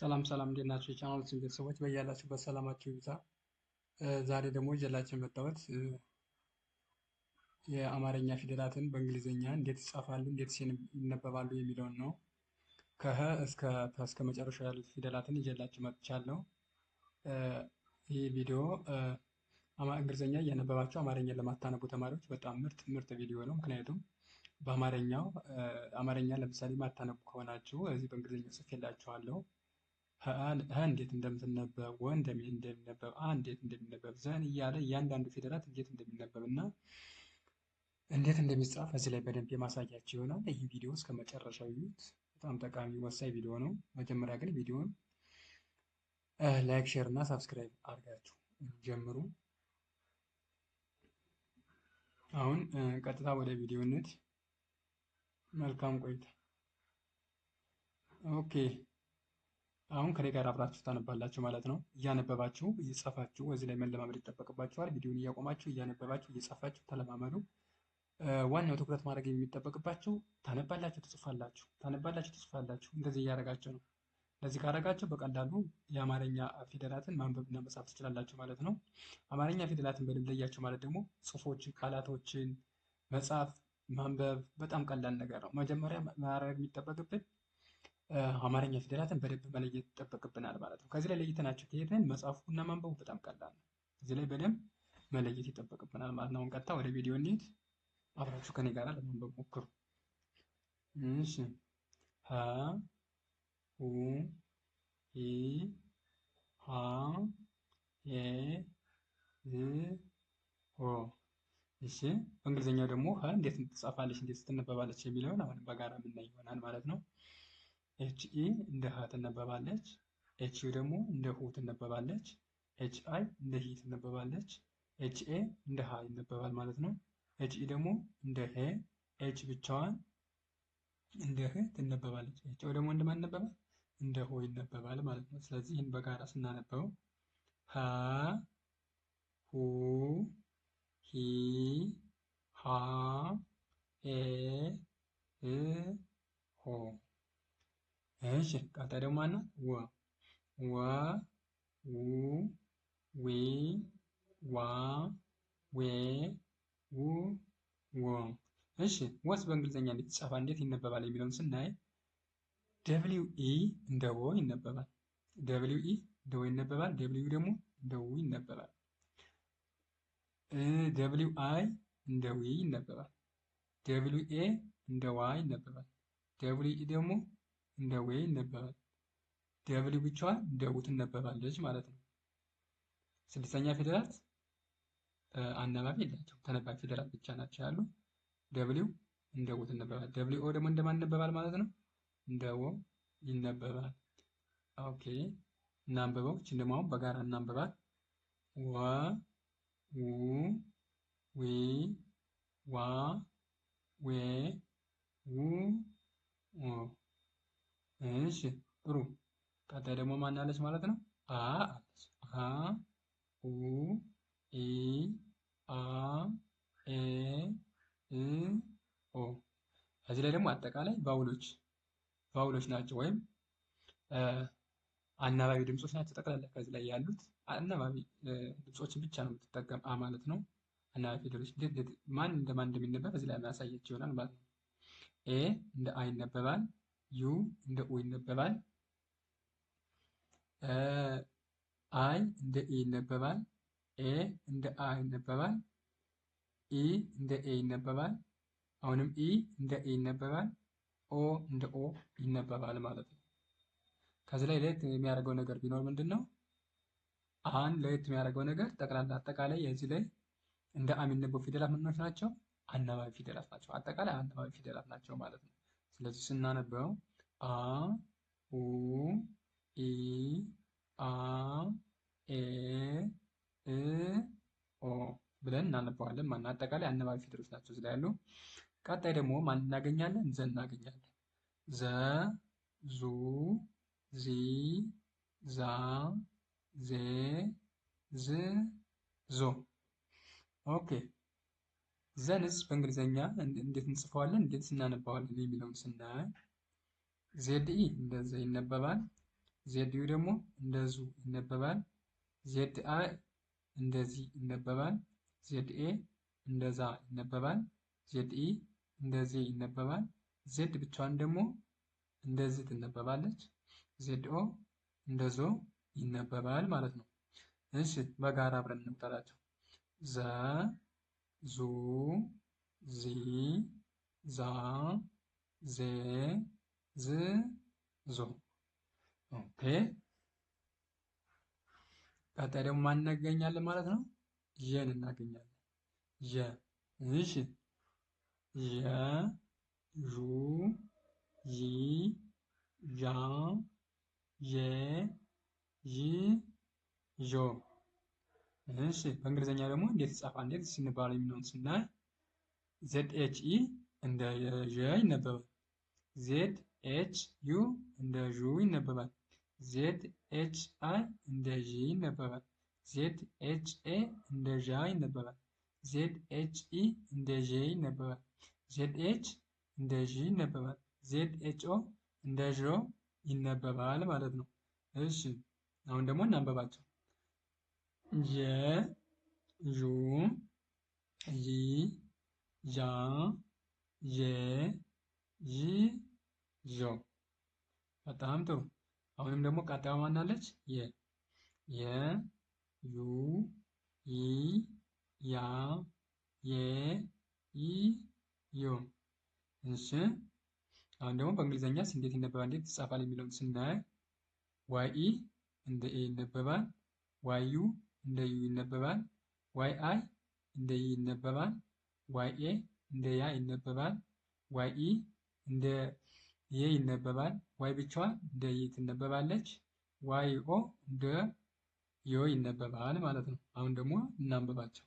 ሰላም ሰላም እንዴት ናቸው የቻናል ስም ቤተሰቦች በያላችሁበት ሰላማችሁ ይብዛ። ዛሬ ደግሞ ይዤላችሁ የመጣሁት የአማርኛ ፊደላትን በእንግሊዝኛ እንዴት ይጻፋሉ፣ እንዴት ይነበባሉ የሚለውን ነው። ከሀ እስከ ፐ እስከ መጨረሻ ያሉት ፊደላትን ይዤላችሁ መጥቻለሁ። ይህ ቪዲዮ እንግሊዝኛ እያነበባችሁ አማርኛ ለማታነቡ ተማሪዎች በጣም ምርጥ ምርጥ ቪዲዮ ነው። ምክንያቱም በአማርኛው አማርኛ ለምሳሌ ማታነቡ ከሆናችሁ እዚህ በእንግሊዝኛ ጽፌላችኋለሁ። ሀ እንዴት እንደምትነበብ ወ እንደሚነበብ አ እንዴት እንደሚነበብ ዘን እያለ እያንዳንዱ ፊደላት እንዴት እንደሚነበብ እና እንዴት እንደሚጻፍ እዚህ ላይ በደንብ የማሳያቸው ይሆናል። ይህ ቪዲዮ እስከ መጨረሻ ይዩት። በጣም ጠቃሚ ወሳኝ ቪዲዮ ነው። መጀመሪያ ግን ቪዲዮን ላይክ፣ ሼር እና ሳብስክራይብ አድርጋችሁ ጀምሩ። አሁን ቀጥታ ወደ ቪዲዮነት መልካም ቆይታ። ኦኬ አሁን ከኔ ጋር አብራችሁ ታነባላችሁ ማለት ነው። እያነበባችሁ እየጻፋችሁ እዚህ ላይ መለማመድ ይጠበቅባችኋል። ቪዲዮን እያቆማችሁ እያነበባችሁ እየጻፋችሁ ተለማመዱ። ዋናው ትኩረት ማድረግ የሚጠበቅባችሁ ታነባላችሁ፣ ትጽፋላችሁ፣ ታነባላችሁ፣ ትጽፋላችሁ። እንደዚህ እያደረጋችሁ ነው። እንደዚህ ካደረጋችሁ በቀላሉ የአማርኛ ፊደላትን ማንበብና መጻፍ ትችላላችሁ ማለት ነው። አማርኛ ፊደላትን በደንብ ለያችሁ ማለት ደግሞ ጽሁፎችን፣ ቃላቶችን መጻፍ ማንበብ በጣም ቀላል ነገር ነው። መጀመሪያ ማድረግ የሚጠበቅብን አማርኛ ፊደላትን በደንብ መለየት ይጠበቅብናል ማለት ነው። ከዚህ ላይ ለይተናቸው ከሄድን እና ማንበቡ በጣም ቀላል ነው። እዚህ ላይ በደንብ መለየት ይጠበቅብናል ማለት ነው። አሁን ቀጥታ ወደ ቪዲዮ እንሂድ። አብራችሁ ከኔ ጋር ለማንበብ ሞክሩ። እሺ ሀ ሁ ሂ ሃ ሄ ህ ሆ። እሺ በእንግሊዝኛው ደግሞ ሀ እንዴት ትጻፋለች፣ እንዴት ትነበባለች የሚለውን አሁን በጋራ የምናይ ይሆናል ማለት ነው። ኤች ኢ እንደ ሀ ትነበባለች። ኤች ዩ ደግሞ እንደ ሁ ትነበባለች። ኤች አይ እንደ ሂ ትነበባለች። ኤች ኤ እንደ ሀ ይነበባል ማለት ነው። ኤች ኢ ደግሞ እንደ ሄ፣ ኤች ብቻዋን እንደ ህ ትነበባለች። ኤች ኦ ደግሞ እንደማን ይነበባል? እንደ ሆ ይነበባል ማለት ነው። ስለዚህ ይህን በጋራ ስናነበው ሀ ሁ ሂ ቀጣይ ደግሞ ማን ወ ወ ው ዊ ዋ ዌ ው ወ እሺ ወስ በእንግሊዝኛ እንዴት ይጻፋል፣ እንዴት ይነበባል የሚለውን ስናይ ደብሊው ኢ እንደ ወ ይነበባል። ደብሊው ኢ እንደ ወ ይነበባል። ደብሊው ደግሞ እንደ ው ይነበባል። ደብሊው አይ እንደ ዊ ይነበባል። ደብሊው ኤ እንደ ዋ ይነበባል። ደብሊው ኢ ደግሞ እንደ ዌ ይነበባል። ደብል ብቻዋን ደው ትነበባለች ማለት ነው። ስድስተኛ ፊደላት አነባቢ የላቸው ተነባቢ ፊደላት ብቻ ናቸው ያሉ። ደብሊው እንደ ው ትነበባል። ደብሊው ኦ ደግሞ እንደማን ይነበባል ማለት ነው? እንደ ይነበባል። ኦኬ እናንበበው። እችን ደግሞ አሁን በጋራ እናንበባል። ወ ው ዊ ዋ ዌ ው እሺ ጥሩ። ቀጣይ ደግሞ አለች ማለት ነው? አ አለች። አ ኡ ኢ አ ኤ እ ኦ። እዚህ ላይ ደግሞ አጠቃላይ ባውሎች ባውሎች ናቸው ወይም አናባቢ ድምጾች ናቸው። ጠቅላላ ከዚህ ላይ ያሉት አናባቢ ድምጾችን ብቻ ነው የምትጠቀም አ ማለት ነው። አናባቢ ፊደሎች ማን እንደማን እንደሚነበብ እዚህ ላይ ማሳየት ይሆናል ማለት ነው። ኤ እንደ አ ይነበባል። ዩ እንደ ኡ ይነበባል። አይ እንደ ኤ ይነበባል። ኤ እንደ አ ይነበባል። ኢ እንደ ኤ ይነበባል። አሁንም ኢ እንደ ኤ ይነበባል። ኦ እንደ ኦ ይነበባል ማለት ነው። ከዚህ ላይ ለየት የሚያደርገው ነገር ቢኖር ምንድን ነው? አን ለየት የሚያደርገው ነገር ጠቅላላ አጠቃላይ የዚህ ላይ እንደ አ የሚነበቡ ፊደላት ምኖች ናቸው? አናባቢ ፊደላት ናቸው። አጠቃላይ አናባቢ ፊደላት ናቸው ማለት ነው። ስለዚህ ስናነበው አ ኡ ኢ አ ኤ እ ኦ ብለን እናነበዋለን። ማና አጠቃላይ አነባቢ ፊደሎች ናቸው እዚህ ላይ ያሉ። ቀጣይ ደግሞ ማን እናገኛለን? ዘ እናገኛለን። ዘ ዙ ዚ ዛ ዜ ዝ ዞ ኦኬ ዘንስ በእንግሊዝኛ እንዴት እንጽፈዋለን? እንዴት እናነባዋለን? የሚለውን ስናይ ዜድ ኢ እንደዚ ይነበባል። ዜድ ዩ ደግሞ እንደዙ ይነበባል። ዜድ አይ እንደዚህ ይነበባል። ዜድ ኤ እንደዛ ይነበባል። ዜድ ኢ እንደዚህ ይነበባል። ዜድ ብቻዋን ደግሞ እንደዚህ ትነበባለች። ዜድ ኦ እንደዞ ይነበባል ማለት ነው። እሺ በጋራ አብረን እንቁጠራቸው ዘ ዙ ዚ ዛ ዜ ዝ ዞ። ኦኬ ቀጣይ ደግሞ ማን እናገኛለን ማለት ነው? የን እናገኛለን። የ እሺ የ ዡ ይ ያ የ ይ ዦ እሺ በእንግሊዝኛ ደግሞ እንዴት ይጻፋል? እንዴት ሲንባል የሚለውን ስናይ ዜድ ኤች ኢ እንደ ዥ ይነበባል። ዜድ ኤች ዩ እንደ ዥ ይነበባል። ዜድ ኤች አይ እንደ ዥ ይነበባል። ዜድ ኤች ኤ እንደ ዣ ይነበባል። ዜድ ኤች ኢ እንደ ዤ ይነበባል። ዜድ ኤች እንደ ዥ ይነበባል። ዜድ ኤች ኦ እንደ ዦ ይነበባል ማለት ነው። እሺ አሁን ደግሞ እናንበባቸው። የ ዩ ይ ያ የ ይ ዮ በጣም ጥሩ። አሁንም ደግሞ ቀጣዩ ማናለች? የ የ ዩ ይ ያ የ ይ ዮ እሺ። አሁን ደግሞ በእንግሊዘኛስ እንዴት ይነበባል፣ እንዴት ይጻፋል የሚለውን ስናይ ዋይ ኢ እንደ ኤ ይነበባል። ዋዩ እንደ ዩ ይነበባል። ዋይ አይ እንደ ይ ይነበባል። ዋይ ኤ እንደ ያ ይነበባል። ዋይ ኢ እንደ የ ይነበባል። ዋይ ብቻዋን እንደ ይ ትነበባለች። ዋይ ኦ እንደ ዮ ይነበባል ማለት ነው። አሁን ደግሞ እናንበባቸው።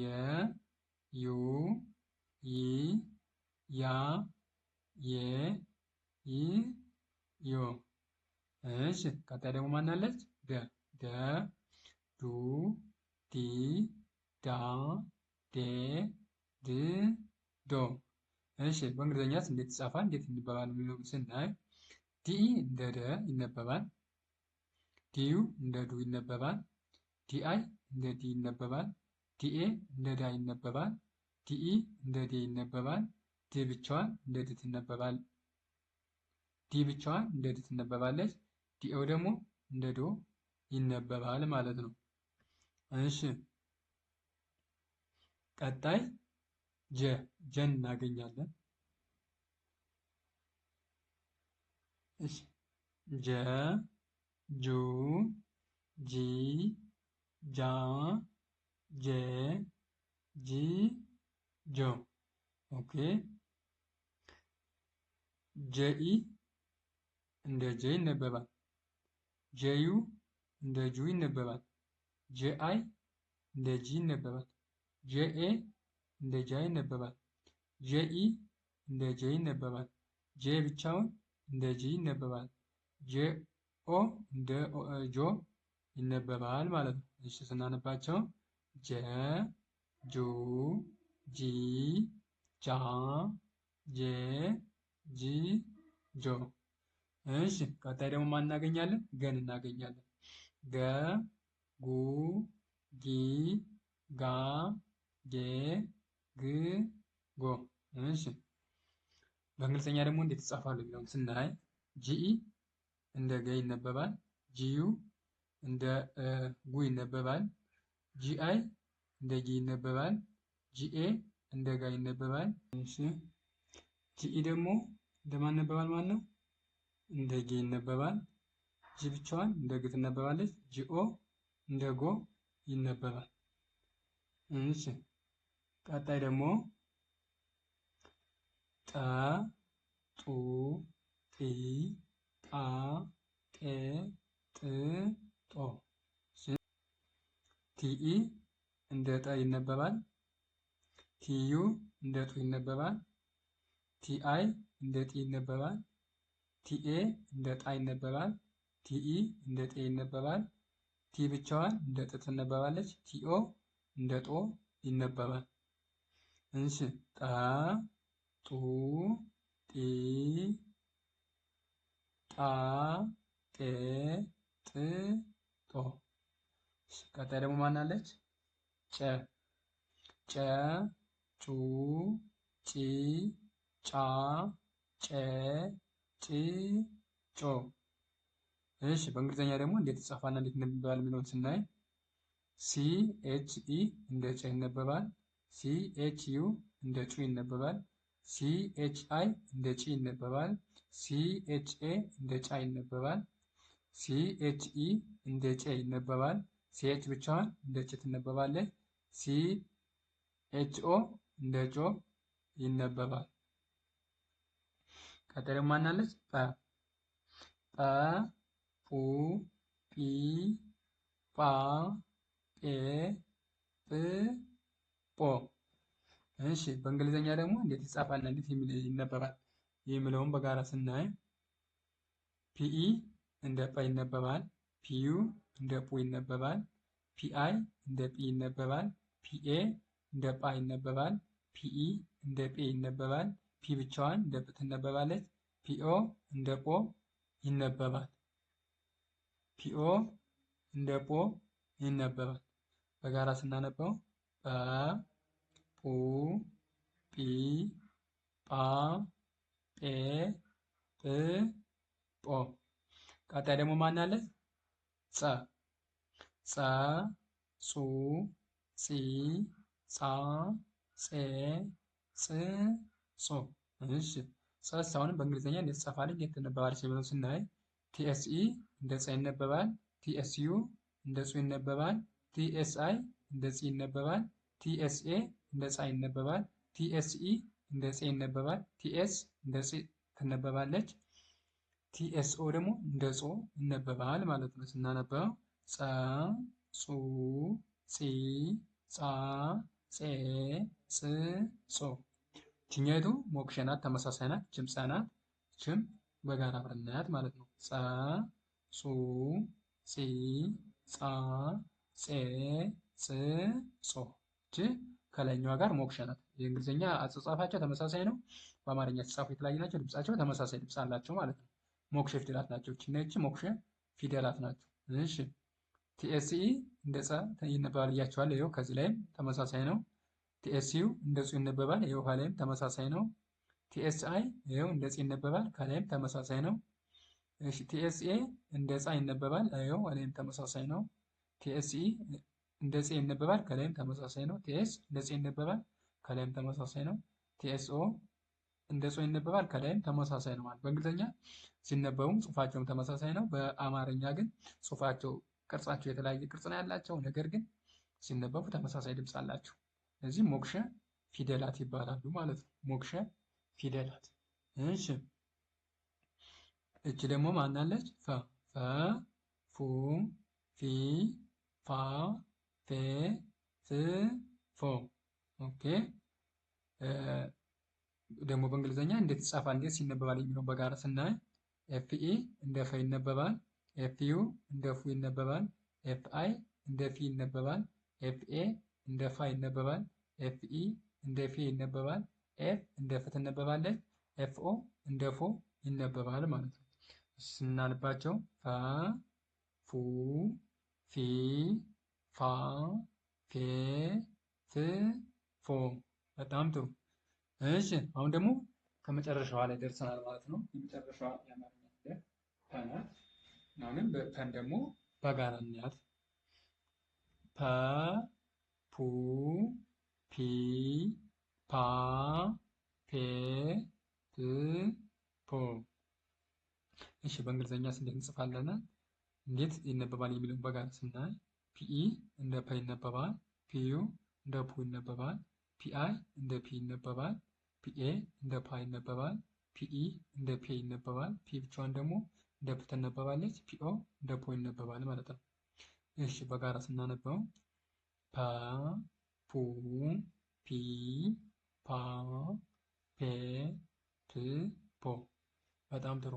የ ዩ ይ ያ የ ይ ዮ። እሺ ቀጣይ ደግሞ ማናለች? ደ ደ ዱ ዲ ዳ ዴ ድ ዶ። እሺ በእንግሊዝኛስ እንዴት ይጻፋል እንዴት ይነበባል የሚለው ስናይ ዲኢ እንደ ደ ይነበባል። ዲዩ እንደ ዱ ይነበባል። ዲአይ እንደ ዲ ይነበባል። ዲኤ እንደ ዳ ይነበባል። ዲኢ እንደ ዴ ይነበባል። ዲ ብቻዋን እንደ ድ ትነበባል። ዲ ብቻዋን እንደ ድ ትነበባለች። ዲኦ ደግሞ እንደ ዶ ይነበባል ማለት ነው። እሺ ቀጣይ ጀ ጀን እናገኛለን። እሺ ጀ ጁ ጂ ጃ ጄ ጂ ጆ ኦኬ። ጀኢ እንደ ጀ ይነበባል። ጀዩ እንደ ጁ ይነበባል። ጄአይ እንደ ጂ ይነበባል። ጄኤ እንደ ጃ ይነበባል። ጄኢ e እንደ ጄ ይነበባል። ጄ ብቻውን እንደ ጂ ይነበባል። ጄኦ እንደ ጆ ይነበባል ማለት ነው። እሺ ስናነባቸው ጀ፣ ጁ፣ ጂ፣ ጃ፣ ጄ፣ ጂ፣ ጆ። እሺ ቀጣይ ደግሞ ማን እናገኛለን? ገን እናገኛለን። ገ ጉ ጊ ጋ ጌ ግ ጎ። እሺ በእንግሊዝኛ ደግሞ እንዴት ይጻፋሉ የሚለውን ስናይ ጂኢ እንደ ገ ይነበባል። ጂዩ እንደ ጉ ይነበባል። ጂአይ እንደ ጊ ይነበባል። ጂኤ እንደ ጋ ይነበባል። እሺ ጂኢ ደግሞ እንደማን ይነበባል ማለት ነው? እንደ ጌ ይነበባል። ጂ ብቻዋን እንደ ግ ትነበባለች። ጂኦ እንደ ጎ ይነበባል። እሺ ቀጣይ ደግሞ ጠ ጡ ጢ ጣ ጤ ጥ ጦ ቲኢ እንደ ጠ ይነበባል። ቲዩ እንደ ጡ ይነበባል። ቲአይ እንደ ጢ ይነበባል። ቲኤ እንደ ጣ ይነበባል። ቲኢ እንደ ጤ ይነበባል። ቲ ብቻዋን እንደ ጥ ትነበባለች። ቲኦ እንደ ጦ ይነበባል። እንሺ ጣ ጡ ጢ ጣ ጤ ጥ ጦ። ቀጣይ ደግሞ ማናለች? ጨ ጨ ጩ ጪ ጫ ጨ ጪ ጮ እሺ በእንግሊዝኛ ደግሞ እንዴት ይጻፋል እንዴት ይነበባል የሚለውን ስናይ ሲ ኤች ኢ እንደ ጨ ይነበባል። ሲ ኤች ዩ እንደ ጩ ይነበባል። ሲ ኤች አይ እንደ ጪ ይነበባል። ሲ ኤች ኤ እንደ ጫ ይነበባል። ሲ ኤች ኢ እንደ ጨ ይነበባል። ሲ ኤች ብቻዋን እንደ ጭ ትነበባለች። ሲ ኤች ኦ እንደ ጮ ይነበባል። ቀጥሎ ማናለች? ጠ ጠ ኡ ጲ ጳ ጴ ጵ ጶ። እሺ በእንግሊዘኛ ደግሞ እንዴት ይጻፋልና እንዴት ይነበባል የሚለውን በጋራ ስናይ ፒኢ እንደ ጳ ይነበባል። ፒዩ እንደ ፑ ይነበባል። ፒአይ እንደ ጲ ይነበባል። ፒኤ እንደ ጳ ይነበባል። ፒኢ እንደ ጴ ይነበባል። ፒ ብቻዋን እንደ ጵ ትነበባለች። ፒኦ እንደ ጶ ይነበባል። ፒኦ እንደ ፖ ይነበባል። በጋራ ስናነበው ጰ ጱ ጲ ጳ ጴ ጵ ጶ። ቀጣይ ደግሞ ማን አለ? ጸ ጸ ጹ ጺ ጻ ጼ ጽ ጾ። እሺ ጸስ አሁንም በእንግሊዝኛ እንዴት ትጻፋለች እንዴት ትነበባለች ብለን ስናይ ቲኤስኢ እንደ ፀ ይነበባል። ቲኤስዩ እንደ ጹ ይነበባል። ቲኤስአይ እንደ ፂ ይነበባል። ቲኤስኤ እንደ ጻ ይነበባል። ቲኤስኢ እንደ ፄ ይነበባል። ቲኤስ እንደ ፂ ትነበባለች። ቲኤስኦ ደግሞ እንደ ጾ ይነበባል ማለት ነው። ስናነበው ጸ፣ ጹ፣ ጺ፣ ጻ፣ ጼ፣ ፅ፣ ጾ። ችኛይቱ ሞክሸናት ተመሳሳይ ናት። ችም ችም በጋራ አብረን ማለት ነው። ፀ ጹ ጺ ጻ ጼ ጽ ጾ ች ከላይኛዋ ጋር ሞክሸ ናት። የእንግሊዝኛ አጻጻፋቸው ተመሳሳይ ነው። በአማርኛ ተጻፉ የተለያዩ ናቸው። ድምጻቸው ተመሳሳይ ድምጽ አላቸው ማለት ነው። ሞክሸ ፊደላት ናቸው። ችነች ሞክሸ ፊደላት ናቸው። እሺ ቲኤስኢ እንደ ጸ ይነበባል እያቸዋል። ይኸው ከዚህ ላይም ተመሳሳይ ነው። ቲኤስዩ እንደ ጹ ይነበባል። ይኸው ኋ ላይም ተመሳሳይ ነው። ቲኤስ አይ ይኸው እንደ ፂ ይነበባል። ከላይም ተመሳሳይ ነው። ቲኤስኤ እንደ ጻ ይነበባል። ይኸው ላይም ተመሳሳይ ነው። ቲኤስኢ እንደ ፂ ይነበባል። ከላይም ተመሳሳይ ነው። ቲኤስ እንደ ፂ ይነበባል። ከላይም ተመሳሳይ ነው። ቲኤስኦ እንደ ጾ ይነበባል። ከላይም ተመሳሳይ ነው ማለት በእንግሊዝኛ ሲነበቡም ጽሁፋቸውም ተመሳሳይ ነው። በአማርኛ ግን ጽሁፋቸው ቅርጻቸው የተለያየ ቅርጽ ነው ያላቸው፣ ነገር ግን ሲነበቡ ተመሳሳይ ድምፅ አላቸው። እነዚህ ሞክሸ ፊደላት ይባላሉ ማለት ነው። ሞክሸ ፊደላት። እሺ እች ደግሞ ማናለች? ፈ ፈ ፉ ፊ ፋ ፌ ፍ ፎ። ኦኬ ደግሞ በእንግሊዝኛ እንዴት ይጻፋል፣ እንዴት ሲነበባል የሚለውን በጋራ ስናይ ኤፍ ኢ እንደ ፈ ይነበባል። ኤፍ ዩ እንደ ፉ ይነበባል። ኤፍ አይ እንደ ፊ ይነበባል። ኤፍ ኤ እንደ ፋ ይነበባል። ኤፍ ኢ እንደ ፌ ይነበባል። ኤፍ እንደ ፍ ትነበባለች። ኤፍ ኦ እንደ ፎ ይነበባል ማለት ነው። ስናነባቸው ፈ፣ ፉ፣ ፊ፣ ፋ፣ ፌ፣ ፍ፣ ፎ። በጣም ጥሩ። እሺ አሁን ደግሞ ከመጨረሻዋ ላይ ደርሰናል ማለት ነው። የመጨረሻዋ የአማርኛ ፊደል ፐ ናት። አሁንም በፐን ደግሞ በጋራ እናያት። ፐ ፑ ፒ ፓ ፔ ፕ ፖ። እሺ በእንግሊዝኛስ እንዴት እንጽፋለን? እንዴት ይነበባል የሚለውን በጋራ ስናይ ፒኢ እንደ ፐ ይነበባል። ፒዩ እንደ ፑ ይነበባል። ፒአይ እንደ ፒ ይነበባል። ፒኤ እንደ ፓ ይነበባል። ፒኢ እንደ ፔ ይነበባል። ፒ ብቻዋን ደግሞ እንደ ፕ ትነበባለች። ፒኦ እንደ ፖ ይነበባል ማለት ነው። እሺ በጋራ ስናነበው ፓ ፑ ፒ ፓፔፕፖ በጣም ጥሩ።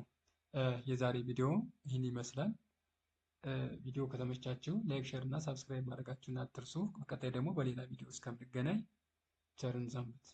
የዛሬ ቪዲዮ ይህን ይመስላል። ቪዲዮ ከተመቻችሁ ላይክ፣ ሸር እና ሳብስክራይብ ማድረጋችሁን አትርሱ። በቀጣይ ደግሞ በሌላ ቪዲዮ እስከምንገናኝ ቸርን ሰንብት።